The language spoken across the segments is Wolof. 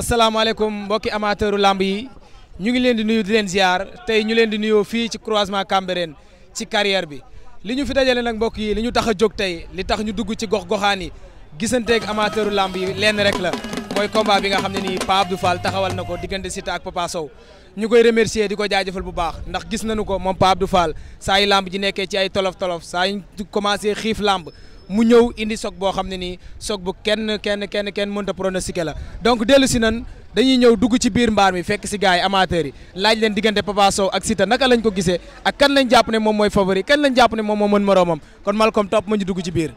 asalaamaaleykum mbokki amateuru làmb yi ñu ngi leen di nuyu di leen ziar tey ñu leen di nuyoo fii ci croisement Cambérène ci carrière bi li ñu fi dajale nag mbokk yi li ñu tax a jóg tey li tax ñu dugg ci gox-goxaan yi gisanteeg amateuru lamb yi lenn rek la mooy combat bi nga xam ne ni Pa Abdou Fall taxawal na ko diggante Siteu ak Papa Sow ñu koy remercier di ko jaajëfal bu baax ndax gis nañu ko moom Pa Abdou Fall saa yu lamb ji nekkee ci ay tolof-tolof saa yu commencé xiif lamb mu ñëw indi choc boo xam ne nii choc bu kenn kenn kenn kenn mënut a pronostiquer la donc dellu si nan dañuy ñëw dugg ci biir mbaar mi fekk si gars yi amateurs yi laaj leen diggante Papa Sow ak Siteu naka lañ ko gisee ak kan lañ jàpp ne moom mooy favori kan lañ jàpp ne moom moo mën moroomam kon Malcom topp ma ñu dugg ci biir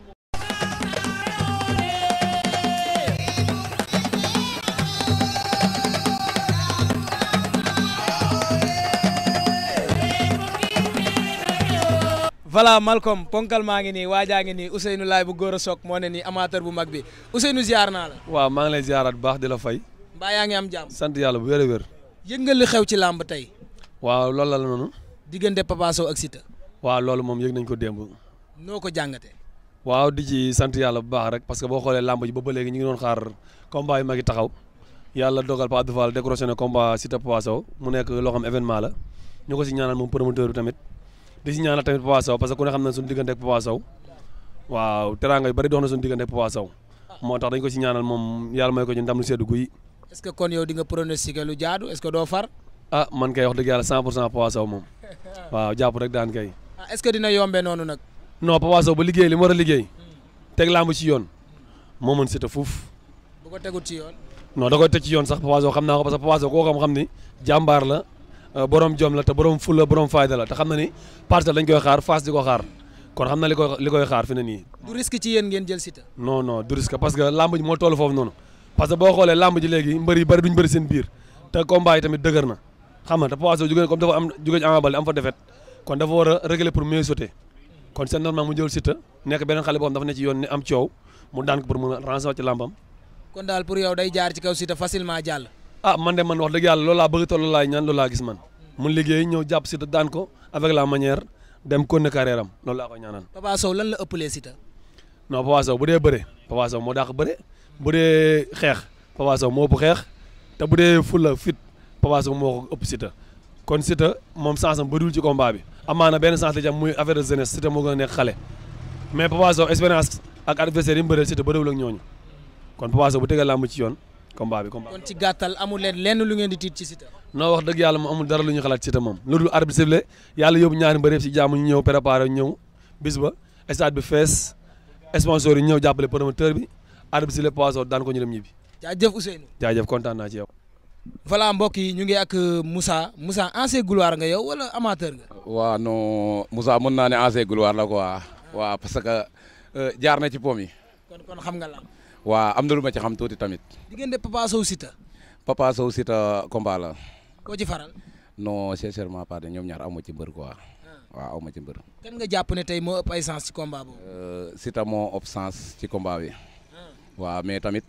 voilà Malcolm ponkal maa ngi nii waajaa ngi nii Ousseynou Laay bu góor a soog moo ne nii amateur bu mag bi Ousseynou ziar naa la. waaw maa ngi lay ziaraat baax di la fay. mbaa yaa ngi am jàmm. sant yàlla bu wér a wér. yëg nga li xew ci làmb tey. waaw loolu la noonu. diggante Papa Sow ak Siteu. waaw loolu moom yëg nañ ko démb. noo ko jàngatee. waaw di ci sant yàlla bu baax rek parce que boo xoolee làmb ji ba ba léegi ñu ngi doon xaar combat yu mag yi taxaw yàlla dogal Pape Abdou Fall décroché na combat la ñu ko si ñaanal moom bi tamit di si ñaanal tamit Papa Sow parce que ku ne xam na suñu diggante ak Papa Sow waaw teraanga yu bëri dox na suñu diggante ak Papa Sow moo tax dañ ko si ñaanal moom yàlla may ko ñu ndam lu seddu guy. est kon yow di nga pronostiquer lu jaadu est doo far. ah man kay wax dëgg yàlla 100 pour ah, dina yombee noonu nag. non Papa Sow ba liggéey li mu war a liggéey teg làmb ci yoon moo mën Siteu fuuf. bu ko tegut ci yoon. non da teg ci yoon sax Papa Sow xam naa ko parce Euh, borom jom la te borom fulla borom fayda la te xam na ni Parcelles dañ koy xaar Fass di ko xaar kon xam na li koy xaar fi ne nii. du risque ci yéen ngeen jël Siteu. non non du risque parce que lamb moo toll foofu noonu parce boo xoolee lamb ji léegi mbër yi bëri duñ seen biir te combat yi tamit dëgër na xam nga te Papa Sow jógee comme dafa war a régler pour mieux sauter kon c'est normal mu jël Siteu nekk beneen xale boo xam dafa ne ci yoon ni am coow mu daan ah man de man wax dëgg yàlla loolaa bëgg te loolaay ñaan loolaa gis man mun liggéey ñëw jàpp Siteu daan ko avec la manière dem kon carrière am loolu a koy ñaanal. Papa Sow lan la ëppalee Siteu. non Papa bu dee bëre Papa Sow moo dàq bëre bu dee xeex Papa Sow ëpp xeex te bu dee fulla fit Papa Sow moo ko ëpp Siteu kon Siteu moom sens am bëriwul ci combat bi amaana benn sens la jam muy affaire de jeunesse Siteu gën a nekk xale mais Papa Sow expérience ak adversaire yi mu bëree kon bu tegal làmb ci yoon. combat bi combat kon ci gàttal amul leen lenn lu ngeen di tiit ci Siteu. non wax dëgg yàlla moom amul dara lu ñu xalaat Siteu moom lu dul arbitre sifflé yàlla yóbbu ñaari mbër yëpp si jàmm ñu ñëw préparé ñëw yi ñëw jàppale promoteur bi arbitre sifflé poisson daan ko ñu dem ñibbi. jaajëf Ousseynou. jaajëf kontaan naa ci yow. voilà mbokk yi ñu ngi ak euh, Moussa Moussa ancien gloire nga yow wala amateur nga. waaw non Moussa mën naa ne ancien gloire la quoi. Ah. waaw parce que euh, jaar na ci pom yi. kon kon la waa am na lu ma ci xam tuuti tamit. diggante Papa Sow Siteu. Papa Sow Siteu combat la. koo ci faral. non sincèrement pas ñoom ñaar amu ci mbër quoi. Ah. waaw aw ma ci mbër. kan nga jàpp ne tey moo ëpp ay sens ci combat boobu. Euh, Siteu ci combat bi. Ah. waaw mais tamit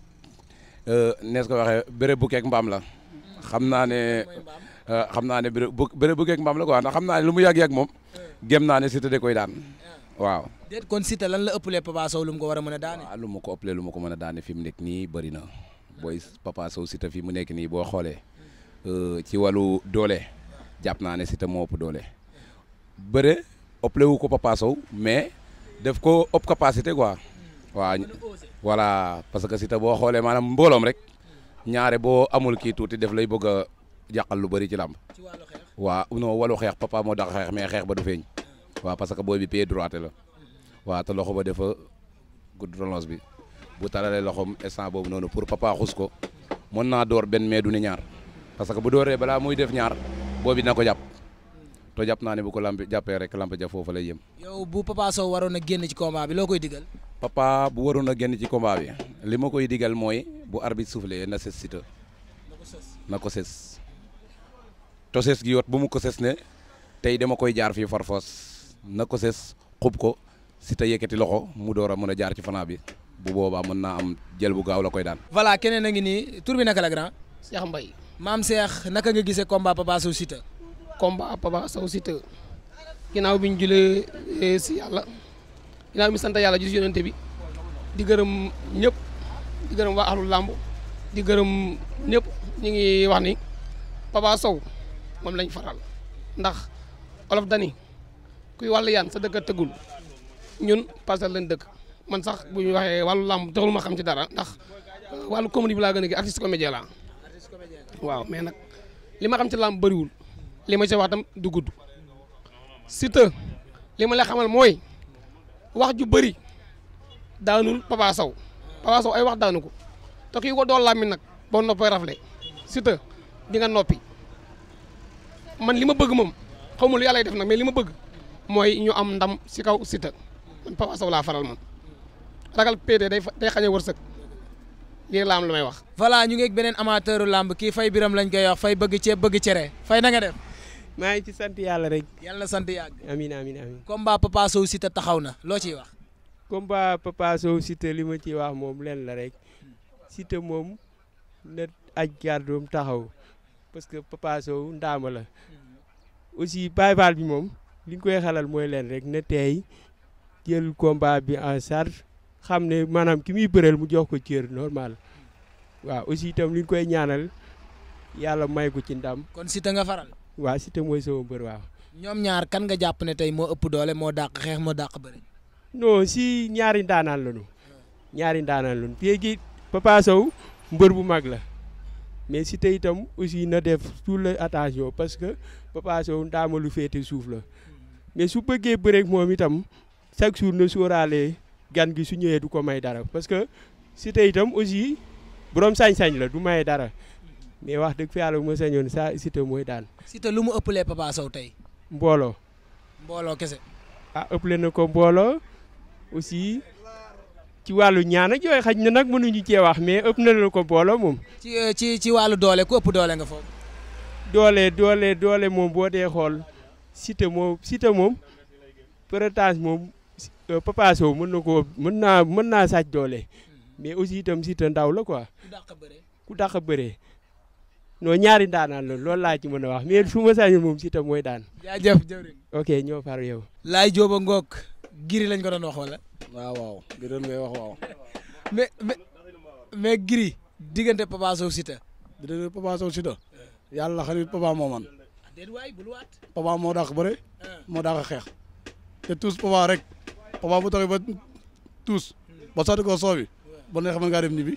euh, nees ko waxee bëre bukkeek mbaam la. xam naa ne euh, xam naa ne bëre bu bëre bukkeek mbaam la quoi ndax xam naa ne lu mu yàgg yàgg moom. Ah. gém naa ne Siteu de koy daan. waaw déet kon Siteu lan la ëppalee Papa Sow lu mu ko war a mën a daane waaw lu ma ko ko mën a daane nekk nii bëri na booy Papa Sow Siteu fi mu nekk nii boo xoolee euh, ci wàllu doole jàpp naa ne Siteu moo ëpp doole bëre ëppale wu ko Papa Sow mais def ko ëpp capacité quoi waaw voilà parce que Siteu boo xoolee maanaam mbooloom rek ñaare boo amul kii tuuti def lay bëgg a yàqal lu bari ci làmb waaw non walu xeex papa moo dax xeex mais xeex ba du feeñ waaw parce que booy bi pied droite la waaw te loxo ba defa gudd relance bi bu talalee loxoom instant boobu noonu pour papa xus ko mën naa door benn mais du ni ñaar parce que bu dooree balaa muy def ñaar boobi na ko jàpp te jàpp naa ne bu ko lamb jàppee rek lamb ja foofu lay yëm. yow bu papa Sow waroon a génn ci combat bi loo koy digal. papa bu waroon a génn ci combat bi li ma koy digal mooy bu arbitre soufflé na ses Siteu na ko ses to ses gi yot bu mu ko ses ne tey dama koy jaar fii farfos na ko ses xub ko si te yëkkati loxo mu door a mën a jaar ci Franc bi bu boobaa mën naa am jël bu gaaw la koy daan. voilà keneen a ngi nii tur bi naka la grand. Cheikh Mbaye. maam Cheikh naka nga gisee combat Papa Sow Siteu. combat Papa Sow Siteu ginnaaw bi ñu julee eh, si yàlla ginnaaw bi sant yàlla ji si yonente bi di gërëm ñëpp di gërëm waa axlu làmb di gërëm ñëpp ñu ngi wax ni Papa Sow moom lañ faral ndax olof dani kuy wàllu yaan sa dëkk tëggul ñun Parcelles lañ dëkk man sax bu ñu waxee wàllu làmb taxul ma xam ci dara ndax euh, wàllu comédie bi laa gën a gi artiste comédien laa waaw mais nag li ma xam ci làmb bëriwul li ma ci wax tam du li ma la xamal mooy wax ju bëri daanul Papa Sow Papa ay wax daanu ko te kii ko doon làmmi nag boo noppee rafle Siteu di nga noppi man li ma bëgg moom xaw ma lu yàlla def nag mais li ma bëgg mooy ñu am ndam si kaw Siteu man Papa laa faral man ragal péete day day xañ a wërsëg lii la am lu may wax. voilà ñu ngi beneen amateuru làmb kii fay biram lañ koy wax fay bëgg ceeb bëgg cere fay na nga def. maa ci sant yàlla rek. yàlla na sant yàgg. amiin amiin amiin. combat Papa Sow Siteu taxaw na loo ciy wax. combat Papa Sow Siteu li ciy wax moom leen la rek Siteu moom na aj gàddoom taxaw parce que Papa Sow ndaama la aussi Baye Fall bi moom. li ñu koy xelal mooy leen rek na tey jël combat bi en charge xam ne maanaam ki muy bëreel mu jox ko cër normal waaw aussi itam li ñu koy ñaanal yàlla may ko ci ndam. kon si Siteu nga faral. waaw Siteu mooy sama mbër waaw. ñoom ñaar kan nga jàpp ne tey moo ëpp doole moo dàq xeex moo dàq bëri. non si ñaari ndaanaal ndaanaan lañu. ñaari ndaanaan lañu léegi Papa Sow mbër bu mag la. mais si te itam aussi na def tout le attention parce que Papa Sow ndaama lu féete suuf la. mais su bëggee bëreek moom itam chaque jour na sóoraale gan gi su ñëwee du ko may dara parce que Siteu itam aussi borom sañ-sañ la du may dara mais wax dëgg fi yàlla bu sañoon sa Siteu mooy daan. Siteu lu mu ëppalee Papa Sow tey. mbooloo. mbooloo kese. ah ëppale na ko mbooloo aussi ci wàllu ñaan ak yooyu xaj na nag mënuñu cee wax mais ëpp na la ko mbooloo moom. ci ci ci wàllu doole ku ëpp doole nga foofu. doole doole doole moom boo dee xool. Siteu moom Siteu moom Porokhane moom euh, Papa Sow mën na ko mën naa mën naa sàcc doole mais aussi itam Siteu ndaw la quoi ku dàq a bëree ñaari ndaanaan la loolu laa ci mën a wax mais su ma sañoon moom Siteu mooy daan. jaajëf jëwriñ ok ñoo far yow. laay jooba ngoog giri lañ ko doon wax wala. waaw mais mais giri diggante Papa Sow Siteu. diggante Papa Sow Siteu. yàlla xarit Papa moo déet waay bul moo dàq bëre. Ah. moo dàq xeex. te tuus Papa rek. Papa bu taxee ba tuus. ba sotti ko soobi. ba neex mën ngaa dem ñibbi.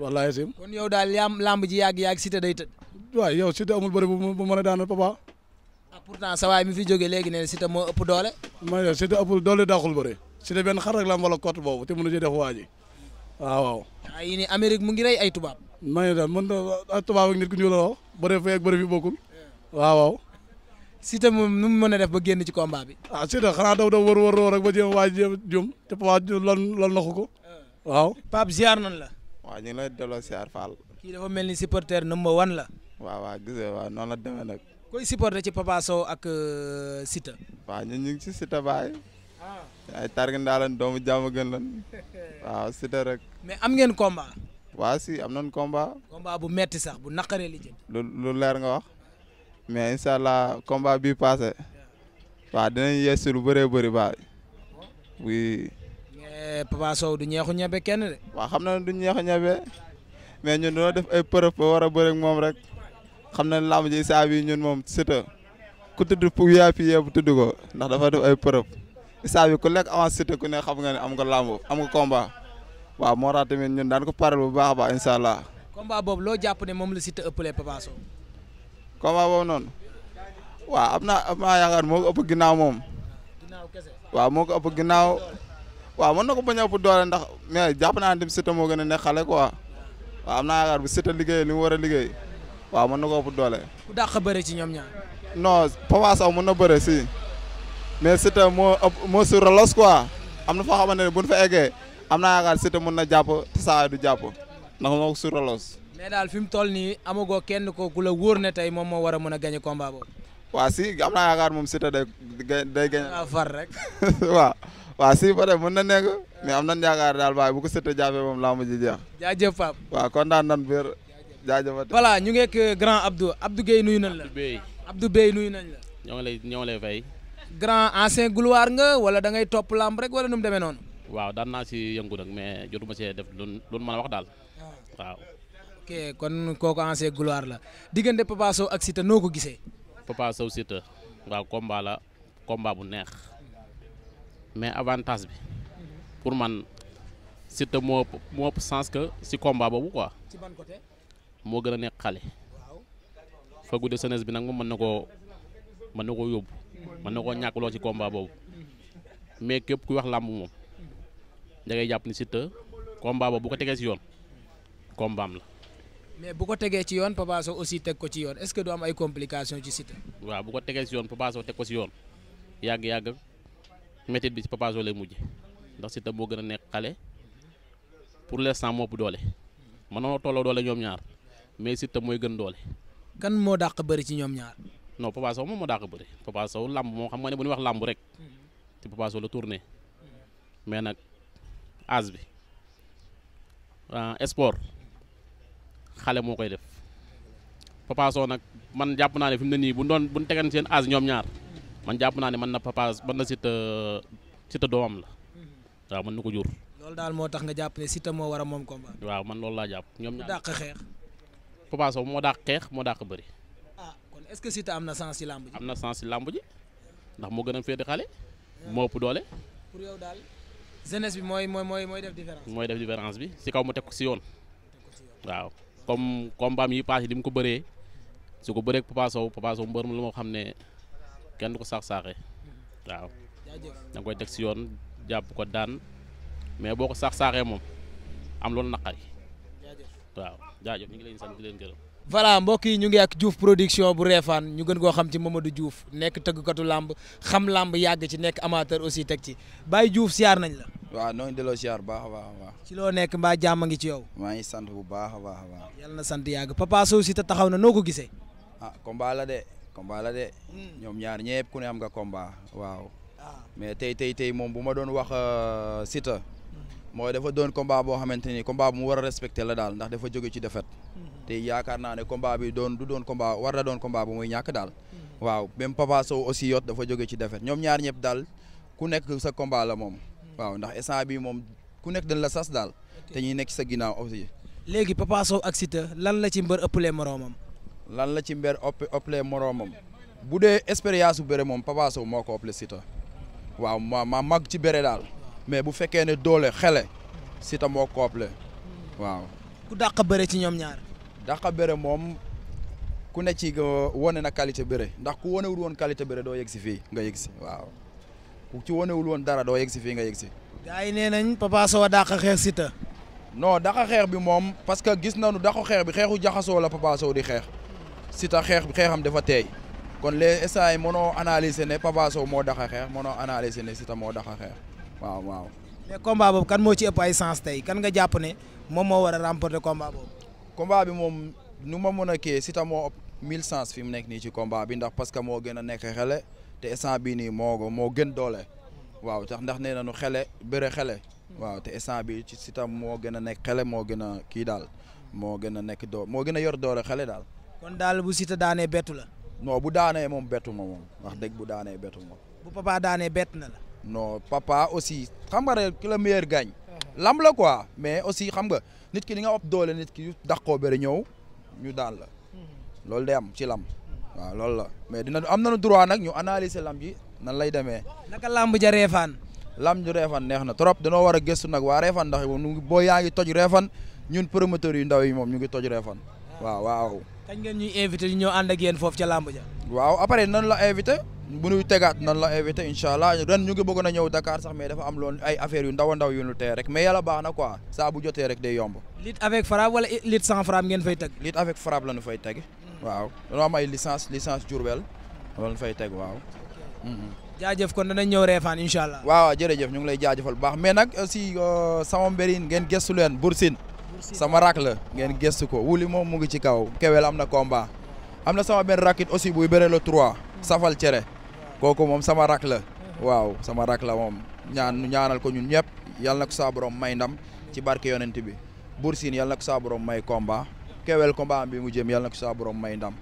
wallaahi sim. kon yow daal yaam lamb ji yàgg yàgg Siteu day tëdd. waaw yow Siteu amul bëre bu bu mën a daanal Papa. a ah, pourtant sa waay mi fi jógee léegi ne Siteu moo ëpp doole. ma ne Siteu ëpp doole dàqul bëre. Siteu benn xar rek la am wala boobu te mënu ci def waa ji waaw waaw. ay ni mu ngi rey ay tubaab. maa daal mën na ah tubaab ak nu mu mën a def ba génn ci combat bi. ah Siteu xanaa daw daw wër wër wër rek ba na ko ko waaw. Pape ziar la. waaw ñu ngi lay delloo ziar Fall. mel ni supporter number one la. waaw waaw gis nga waaw noonu la demee nag. koy supporter ci Papa Sow ak euh, Siteu. waa ñun ñu ngi ci baay. Ah. ay targi ndaa leen doomu jàmm gën lan waaw Siteu rek. mais am geen combat. waa si am nañ combat. combat bu metti sax bu naqaree li jëm. lu leer nga wax mais incha allah combat bii passé waa dinañ lu bëree bëri ba oh. oui. mais Papa Sow du ñeexu ñebe kenn de. waa xam na du ñeexu ñebe mais ñun dañoo def ay preuve ba war a bëri moom rek xam na làmb ji saa bi ñun moom Siteu ku tudd pour VIP bu tudd ko ndax dafa def ay preuve saa bi ku lekk avance Siteu ku ne xam nga ne am nga làmb am nga combat. waaw moo tax tamit ñun daan ko paral bu baax a baax incha allah. combat boobu loo jàpp ne moom la Siteu ëppalee Papa Sow. combat boobu noonu waaw am naa am naa yaakaar moo ko ëpp ginnaaw moom. waaw moo ko ëpp ginnaaw. waaw mën na ko bañ a doole ndax mais jàpp naa ne tamit Siteu moo gën a nekk xale quoi waaw am naa bu Siteu liggéey li mu war a liggéey waaw mën na ko ëpp doole. ku dàq bëre ci ñoom ñaar. no Papa Sow mën na bëre si mais Siteu moo si rolos quoi am na foo ne bu fa eggee. am naa yaakaar Siteu mën na jàpp te saa du jàpp ndax moo su roloos. daal fi mu toll nii amagoo kenn ko ku la ne tey moom moo war a mën a gagné combat waa si am naa yaakaar moom Siteu day day gagné. far rek. waa si ba tey na nekk mais am nañ yaakaar daal waaye bu ko Siteu jàppee moom laa mujj jeex. waa Pape. daan kontaan nañ biir jaajëfate. voilà ñu ngi ak euh, grand Abdou Abdou Gueye nuyu nañ la Abdou Beye Abdou Beye nañ la. ñoo ngi lay ñoo ngi lay fay. grand ancien gloire nga wala da ngay topp lamb rek wala nu mu demee noonu. waaw daan naa si yëngu nag mais jotuma see def lu lu mën a wax daal ah. waaw. ok kon kooku ancien gloire la diggante Papa Sow ak Siteu noo ko gisee. Papa Sow Siteu waaw komba la combat bu neex mais avantage bi pour man Siteu moo moo ëpp sens que si combat boobu quoi moo gën a nekk xale. fagu de jeunesse bi nag moom mën na koo mën na ko yóbbu mën na koo ñàkkloo ci komba boobu mais képp kuy wax làmb moom. da jàpp ni Siteu combat bu ko tegee ci yoon combaam la. mais bu ko tegee ci yoon Papa Sow aussi teg ko ci yoon est-ce que du am ay complications ci Siteu. waaw bu ko tegee ci yoon Papa Sow teg ko ci yoon yàgg yàgg métit bi ci Papa Sow lay mujj ndax Siteu moo gën a nekk xale pour l'instant moo ëpp doole mën na tolloo doole ñoom ñaar mais Siteu mooy gën doole. kan moo dàq bëri ci ñoom ñaar. non Papa Sow moom moo dàq bëri Papa Sow moo xam nga ne bu wax làmb rek mm-hmm. ci Papa Sow la tourné âge bi ah, sport xale moo koy def Papa nag man jàpp naa ne fi ne nii bu doon bu tegan seen âge ñoom ñaar man jàpp naa ne man na Papa mën na Siteu Siteu doomam la waaw mën na ko jur. loolu daal moo tax nga jàpp ne Siteu war a moom combat. waaw man loolu laa jàpp ñoom ñaar dàq xeex. Papa moo dàq xeex moo daax bari ah kon est-ce que Siteu am na sens ci làmb ji. am na sens ci làmb ndax moo gën a féete xale. moo ëpp doole. jeunesse bi mooy mooy mooy def différence. mooy def différence bi si kaw mu teg ko si yoon. waaw comme combat yi passé di mu ko bëree su ko bëree Papa Sow Papa Sow mbër la moo xam ne kenn du ko saax saaxee waaw. da nga koy teg si yoon jàpp ko daan mais boo ko saax saaxee moom am loolu naqari. waaw jaajëf ñu ngi leen sant di leen gërëm. voilà mbokk yi ñu ngi ak Diouf production bu Réfane ñu gën koo xam ci Mamadou Diouf nekk katu làmb xam làmb yàgg ci nekk amateur aussi teg ci Baye Diouf siyaar nañ la. waa noo ngi delloo siyaar baax a baax a baax. ci loo nekk mbaa jàmm ngi ci yow. maa ngi sant bu baax a baax a baax. yàlla na sant yàgg Papa Sow si te taxaw na noo ko gisee. ah combat la de combat de. Hmm. ñoom ñaar ñëpp ku ne am nga combat. waaw ah. mais tey tey tey moom bu ma doon wax euh, Siteu. mooy dafa doon combat boo xamante ni combat bu mu war a respecté la daal ndax dafa jóge ci défaite mhm. te yaakaar naa ne combat bi doon du doon combat war na doon combat bu muy ñàkk daal mhm. waaw même Papa Sow aussi yot dafa jóge ci defet ñoom ñaar ñëpp daal ku nekk sa combat la moom mhm. waaw ndax instant bi moom ku nekk dañ la sas daal te ñuy nekk sa ginnaaw aussi léegi Papa ak Siteu lan la ci mbër ëppalee moroomam lan la ci mbër ëpp ëppalee moroomam bu dee expérience bu bëre moom Papa Sow moo ko ëppalee Siteu waaw ma ma mag ci bëre daal mais bu fekkee ne doole xele sita moo koople waaw. ku dàq bëre ci ñoom ñaar. dàq bëre moom ku ne ci wane na qualité bëre ndax ku wanewul woon qualité bëre doo yegg si fii nga yegg si waaw ku ci wanewul woon dara doo yegg si fii nga yegg si. gars yi nee nañ Papa Sow a dàq xeex Siteu. non dàq xeex bi moom parce que gis nañu dàq xeex bi xeexu jaxasoo la Papa Sow di xeex Siteu xeex bi xeexam dafa teey kon les essais yi mënoo analyser ne Papa moo dàq xeex noo analyser ne sita moo dàq xeex. waaw waaw. mais combat boobu kan moo ci ëpp ay sens tey kan nga jàpp ne moom moo war a remporter combat boobu. bi moom nu ma mën a kii si ta moo ëpp mille sens fi mu nekk nii ci combat bi ndax parce que moo gën a nekk xele te instant bii nii moo moo gën doole. waaw tax ndax nee nañu xele bëre xele. waaw te instant bi ci si moo gën a nekk xele moo gën a kii daal moo gën a nekk doo moo gën a yor doole xele daal. kon daal bu Siteu daanee bettu la. non bu daanee moom bettu ma moom wax dëgg bu daanee bettu ma. bu Papa daanee bett na la. non papa aussi xam nga rek ki la lam la quoi mais aussi xam nga nit ki li nga op doole nit ki dax koo bëri ñëw ñu daal la. loolu day am ci lam. loolu la mais dina am nañu droit nag ñu analyser lam ji nan lay demee. naka lamb ja reefaan. lam ju reefan neex na trop danoo war a gëstu nag waa reefan ndax moom boo yaa ngi toj reefan ñun promoteurs yu ndaw yi moom ñu ngi toj reefan waa waaw. kañ ngeen ñuy invité ñu ñëw ànd foofu ca lamb ja. waaw après nan la invité. bu ñuy tegaat nan la invité incha allah ren ñu ngi bëggoon a ñëw Dakar sax mais dafa am loon ay affaires yu ndaw a ndaw yu ñu tee rek mais yàlla baax na quoi saa bu jotee rek day yomb. lutte avec frappe wala lutte sans frappe ngeen fay teg. lutte avec frappe la ñu fay teg. waaw dañoo am ay licence licence Diourbel loolu fay teg waaw. jaajëf kon danañ ñëw reefaan incha allah. waaw jërëjëf ñu ngi lay jaajëfal baax mais nag aussi euh, sama mbëriñ ngeen gëstu leen Boursine. sama rak la ngeen gëstu ko wuli moom mu ngi ci kaw. Kewel am na komba am na sama benn rakit aussi buy bëre le 3 safal cere kooku moom sama rak la waaw sama rak la moom ñaan ñaanal ko ñun ñëpp yàlla na ko may ndam ci barke yonent bi Bour Sine yàlla na ko saa borom may combat kewel combat am bi mu jëm yàlla na ko may ndam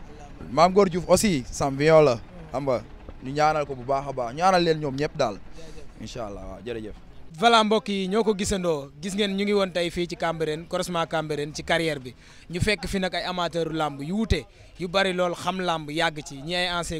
Maam Góor Diouf aussi champion la xam nga ñu ñaanal ko bu baax a baax ñaanal leen ñoom ñëpp daal incha allah waaw jërëjëf. voilà mbokk yi ñoo ko gisandoo gis ngeen ñu ngi woon tey fii ci Cambérène croisement Cambérène ci carrière bi ñu fekk fi nak ay amateuru làmb yu wute yu bari lool xam làmb yàgg ci ñi ay ancien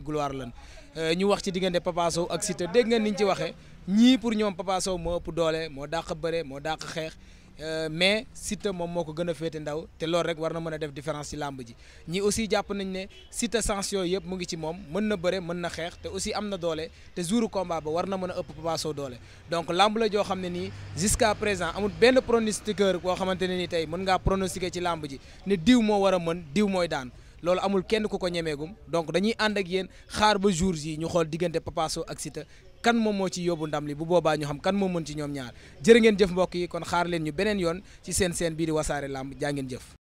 Euh, ñu wax ci diggante Papa Sow ak Siteu dégg ngeen ni ñu ci waxee ñii pour ñoom Papa Sow moo ëpp doole moo dàq bëre moo dàq xeex euh, mais Siteu moom moo ko gën a féete ndaw te loolu rek war na mën a def différence ci làmb ji ñii aussi jàpp nañ ne Siteu sens yooyu yëpp mu ngi ci moom mën na bëre mën na xeex te aussi am na doole te jouru combat ba war na mën a ëpp Papa Sow doole donc làmb la joo xam ne nii jusqu'à présent amul benn pronostiqueur koo xamante ne nii tey mën ngaa pronostiquer ci làmb ji ne diw moo war a mën diw mooy daan loolu amul kenn ku ko ñemeegum donc dañuy ànd ak yéen xaar ba jour yi ñu xool diggante Papa Sow ak Siteu kan moom moo ci yóbbu ndam li bu boobaa ñu xam kan moo mën ci ñoom ñaar jërë ngeen jëf mbokk yi kon xaar leen ñu beneen yoon ci seen seen bii di wasaare làmb jaa ngeen jëf